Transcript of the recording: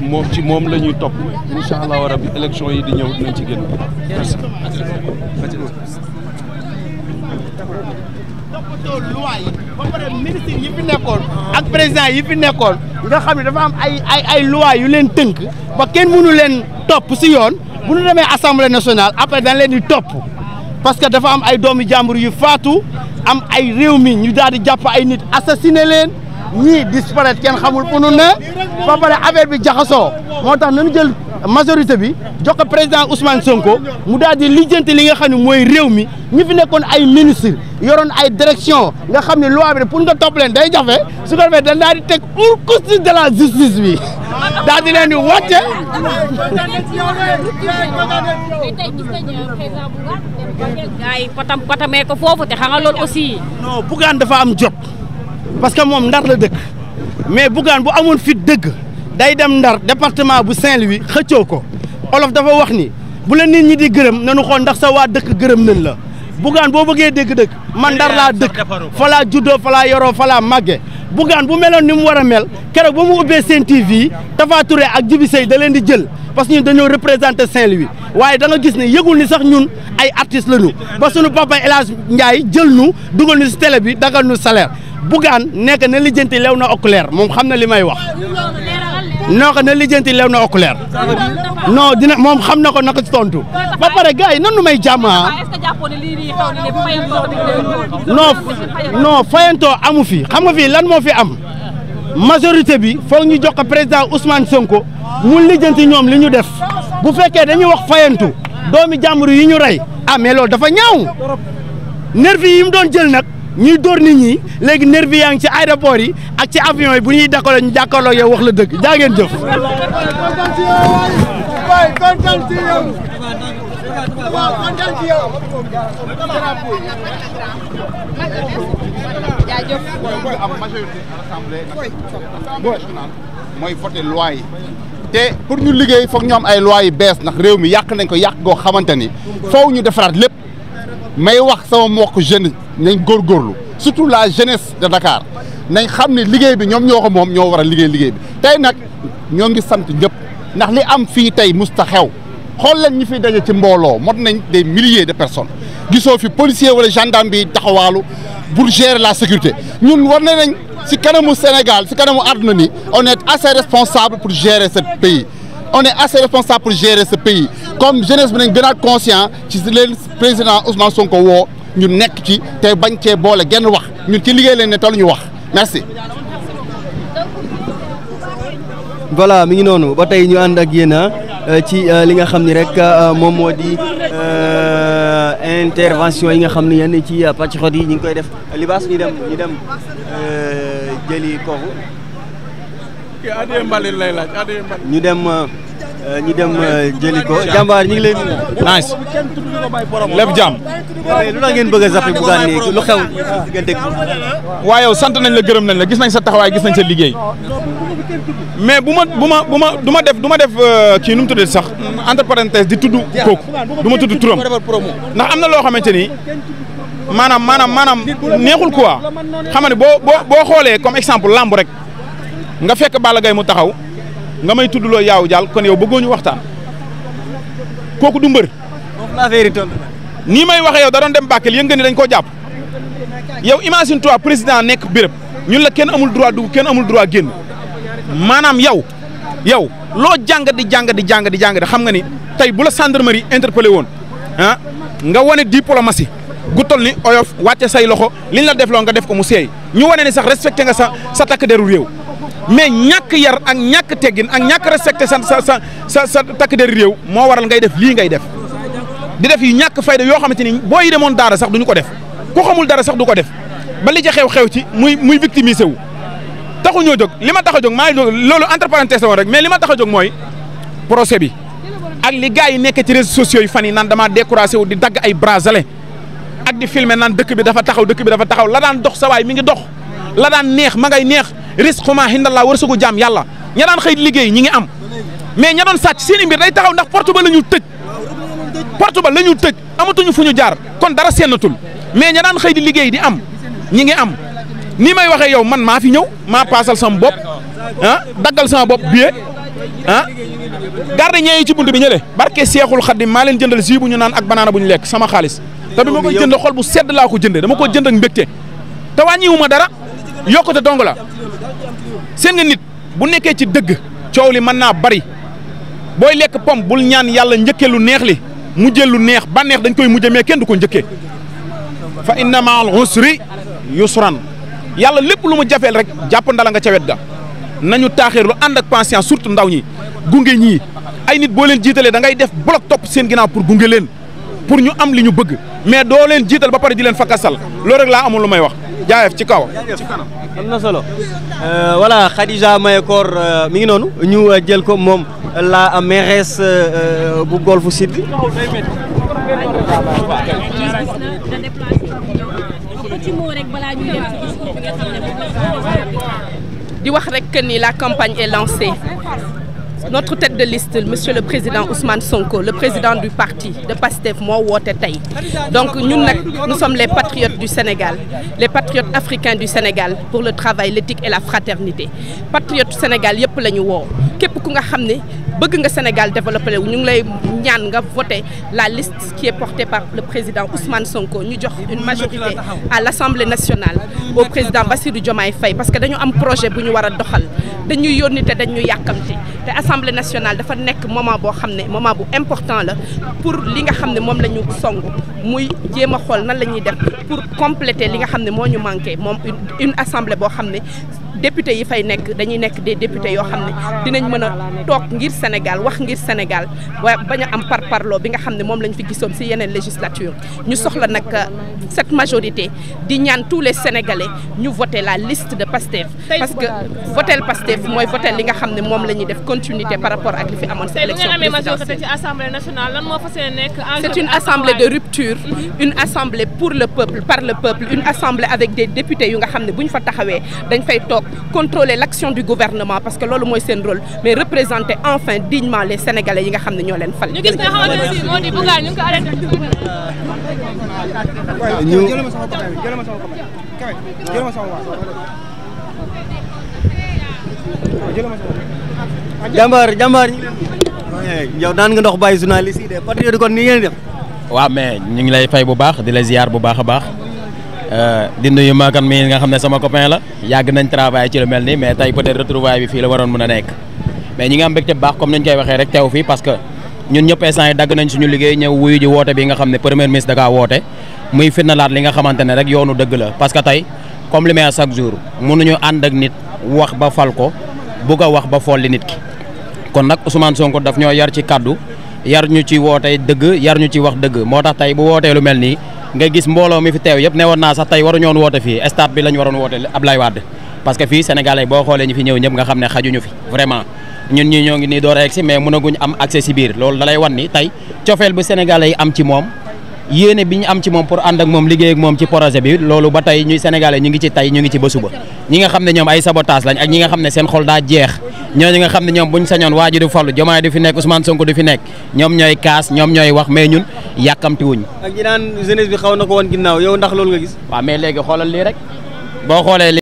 moom ci moom la ñuy topp incha allahu rabi élection yi di ñëw dinañ ci génn nekkoon ak président yi fi nekkool nga xam ne dafa am ay ay ay yu leen tënk ba kenn mënu leen topp si yoon bu ñu demee assemblée national après dañ leen di topp parce que dafa am ay doomi jàmbur yu faatu am ay réew mi ñu daal di jàpp ay nit assassiné leen ñii disparaître kenn xamul fu nu ne ba pare affaire bi jaxasoo moo tax nañu jël majorité bi jox ko président Ousmane Sonko mu daal di lijjanti li nga xam ne mooy réew mi ñi fi nekkoon ay ministre yoroon ay direction nga xam ne loi bi pour nga topp leen day jafe su ko defee dañ daal di teg Haute Cour de la bi daal di leen di wàcce. gars yi ko foofu te xam nga loolu aussi. non Bougane dafa am jot. parce que moom ndar la dëkk mais Bougane bu amoon fit dëgg day dem ndar département bu Saint-Louis xëccoo ko olof dafa wax ni bu la nit ñi di gërëm nanu xool ndax sa waa dëkk gërëm nañ la Bougane boo bëggee dëgg-dëgg man ndar laa dëkk fa laa juddoo yoro laa yoroo fa laa màgge Bougane bu meloon ni mu war a mel keroog ba mu ubbee seen TV Tapha Touré ak Djibi Seye da leen di jël parce que ñun dañoo représenté Saint-Louis waaye da gis ne yëgul ni sax ñun ay artistes lañu ba suñu papa El Hadj Ndiaye jël nu dugal ñu si bi dagal ñu salaire Bougane nekk na lijjanti lew na leer moom xam na li may wax noo ne na lew na oculaire non dina moom xam na ko naka ci tontu ba pare gars yi nan nu may jàmmaa ah. non non amu fi xam nga fii lan moo fi am majorité bi fo ñu jox ko président Ousmane Sonko mu lijjanti ñoom li ñu def bu fekkee dañuy wax fayantu doomi jàmbur yi ñu rey ah mais loolu dafa ñaaw nervi yi mu doon jël nag ñuy dóor ni ñi léegi nervi yaa ngi ci aéroport yi ak ci avion yi bu ñuy dakkaloo ñu jàkkaarloo yow wax la dëgg jaa ngeen jëf. jaajëf. booy yi te pour ñu liggéey foog ñu am ay loi yu bees ndax réew mi yàq nañ ko yàq goo xamante ni foofu ñu defaraat lépp may wax sama mbokk jeune nañ góorgóorlu surtout la jeunesse de Dakar nañ xam ne liggéey bi ñoom ñoo ko moom ñoo war a liggéey liggéey bi tey nag ñoo ngi sant ñëpp ndax li am fii tey musta xool leen ñi fi daje ci mbooloo mot nañ des milliers de personnes gisoo fi policier wala gendarme bi taxawaalu pour gérer la sécurité ñun war na nañ si kanamu Sénégal si kanamu àdduna ni on est assez responsable pour gérer ce pays on est assez responsable pour gérer ce pays comme jeunesse bi nañ gën a ci président Ousmane Sonko woo ñu nekk ci te bañ cee boole genn wax ñu ci liggéey leen ne tollu ñu wax merci. voilà mi ngi noonu ba tey ñu ànd ak yéen ah, ci ah, li nga xam ni rek ah, moom moo di intervention yi nga xam ni yenn ci pàcc xot yi ñu ngi koy def libaas ñu dem ñu dem jëli kooku. ñu dem. Euh, ñi dem euh, jëli ko jàmbaar ñu ngi lay nuyu. nice lépp jàmm. lu ngeen bëgg a zappé Bougane lu xew diggante waaye yow sant nañ la gërëm nañ la gis nañ sa taxawaay gis nañ sa liggéey. mais bu ma bu ma bu ma du ma def du ma def euh, kii nu mu tuddee sax entre di tuddu kooku du ma tudd turam ndax am na loo xamante ni maanaam maanaam maanaam neexul quoi xam nga ne boo boo boo xoolee comme exemple lamb rek nga fekk Balla gay mu taxaw. nga may tuddloo yaaw jaal kon yow bëggoo ñu waxtaan kooku dumbër mbër. nii may waxee yow da dem Bakel yëngu ni dañ koo jàpp yow imagine toi président nekk béréb ñun la kenn amul droit dugg kenn amul droit génn maanaam yow yow loo jàng di jàng di jàng di jàng di xam nga ni tey bu la gendarmerie interpellé woon ah nga wane diplomatie gu toll ni oyof wàcce say loxo liñ la def loo nga def ko mu seey ñu wane ni sax respecté nga sa sa takk deru réew. mais ñàkk yar ak ñàkk teggin ak ñàkk respecté sa sa sa sa takk der réew moo waral ngay def lii ngay def di def yi ñàkk fayda yoo xamante ni booy yi demoon daara sax du ñu ko def ku xamul dara sax du ko def ba li ja xew-xew ci muy muy victimisé wu taxu ñoo jóg li ma tax a jog maa ngi loolu entre parenthèse woon rek mais li ma tax a jóg mooy procès bi ak li gars yi nekk ci réseaux sociaux yi fan yi naan damaa découragé wu di dagg ay bracelet ak di filmer nan dëkk bi dafa taxaw dëkk bi dafa taxaw la daan dox sa waay mi ngi dox la daan neex ma ngay neex risquement xindallaa wërsëgu jaam yàlla ña daan xëy liggéey ñi ngi am mais ña doon sàcc seen i mbir day taxaw ndax porte ba la ñu tëj porte ba la ñu tëj amatuñu fu ñu jaar kon dara seennatul mais ña daan xëy di liggéey di am ñi ngi am nii may waxee yow man maa fi ñëw maa paasal sama bopp ah daggal sama bopp billet ah garde ñee yi ci bunt bi ñële barke seexul xaddim maa leen jëndal jus bu ñu naan ak banaana bu ñu lekk sama xaalis te bi ma koy xol bu sedd laa ko jënde dama ko jënd ak mbégte te wàññiwu ma dara yokkute dong la seen nga nit bu nekkee ci dëgg coow li mën naa bari booy lekk pom bul ñaan yàlla njëkkee lu neex li mujjee lu neex ba neex dañ koy mujjee mais kenn du ko njëkke fa inna ma'al usri yusran yàlla lépp lu mu jafeel rek jàpp ndala nga ca wet ga nañu taaxeer lu ànd ak patience surtout ndaw ñi gunge ñii ay nit boo leen jiitalee da ngay def bloc topp seen ginnaaw pour gunge leen pour ñu am li ñu bëgg mais doo leen jiital ba pare di leen fa fakkasal loolu rek laa amul lu may wax jaayef ci kaw. am na solo euh, voilà Khadija Mahécor euh, mi ngi noonu ñu euh, jël ko moom la mairesse bu Golf Sud bi. di wax rek nii la campagne est lancée. notre tête de liste monsieur le président Ousmane Sonko le président du parti de PASTEF moo woote tey donc ñun nag nous sommes les patriotes du Sénégal les patriotes africains du Sénégal pour le travail l'éthique et la fraternité patriotes Sénégal yëpp la ñu woo képp ku nga xam ne bëgg nga Sénégal développé wu ñu ngi lay ñaan nga voté la liste qui est portée par le président Ousmane Sonko ñu jox une majorité à l'Assemblée nationale boo président Bassirou Diomaye Faye parce que dañu am projet bu ñu war a doxal dañuy yónni te dañu yàkkamti te Assemblée nationale dafa nekk moment boo xam ne moment bu important la pour li nga xam ne moom la ñu song muy jéem a xool nan la ñuy def pour compléter li nga xam ne moo ñu manqué moom une assemblée boo xam ne député yi fay nekk dañuy nekk des députés yoo xam ne dinañ mën a toog ngir Sénégal wax ngir Sénégal wa bañ a am par parloo bi nga xam ne moom lañ fi gisoon si yeneen législature ñu soxla nag euh, cette majorité di ñaan tous les Sénégalais ñu vote la liste de Pastef parce que voter Pastef mooy voter li nga xam ne moom la def continuité par rapport ak li fi amoon ci élection présidentielle c'est une assemblée de rupture mhm. une assemblée pour le peuple par le peuple une assemblée avec des députés yu ne bu ñu fa taxawee dañ fay toog contrôler l'action du gouvernement parce que loolu mooy seen rôle mais représenter enfin dignement les sénégalais yi nga xam ne ñoo leen fal. ñu gis nga xamante ne si moo di Bougane ñu ngi ko arrêté. ñu ah, jàmbaar jàmbaar yow daan nga ndox bàyyi journaliste yi de patriote kon ni ngeen def. waaw mais ñu ngi lay fay bu baax di la ziar bu baax a baax. Euh, di nuyu Makan mi nga xam ne sama copain la yàgg nañ travail ci lu mel nii mais tey peut-être bi fii la waroon mën a nekk mais ñi nga am mbégte bu baax comme nañ koy waxee rek teew fii parce que ñun ñëpp instant yi dagg nañ suñu liggéey ñëw wuyu ji woote bi nga xam ne premier ministre da woote muy firndalaat li nga xamante ne rek yoonu dëgg la parce que tey comme li may wax chaque jour mënuñu ànd ak nit wax ba fal ko bugg a wax ba folli ñu ci woote dëgg yar nga gis mbooloo mi fi teew yëpp ne woon naa sax tey waruñu woon woote fii stade bi la ñu waroon woote Ablaye Wade parce que fii sénégalais boo xoolee ñu fi ñëw ñëpp nga xam ne xajuñu fi vraiment ñun ñi ñoo ngi nii door a egsi mais mënaguñ am accès si biir loolu da lay ni tey cofeel bu sénégalais am ci moom yéene bi ñu am ci moom pour ànd ak moom liggéey ak moom ci projet bi loolu ba tey ñuy sénégalais ñu ngi ci tey ñu ngi ci ba suba ñi nga xam ne ñoom ay sabotage lañ ak ñi nga xam ne seen xol daa jeex ñooñu nga xam ne ñoom buñ sañoon waa du fallu Diomaye du fi nekk Ousmane Sonko du fi nekk ñoom ñooy kaas ñoom ñooy wax mais ñun yàkkamti ak ñi naan bi xaw na ko woon ginnaaw yow ndax loolu nga gis waaw mais léegi xoolal lii rek boo xoolee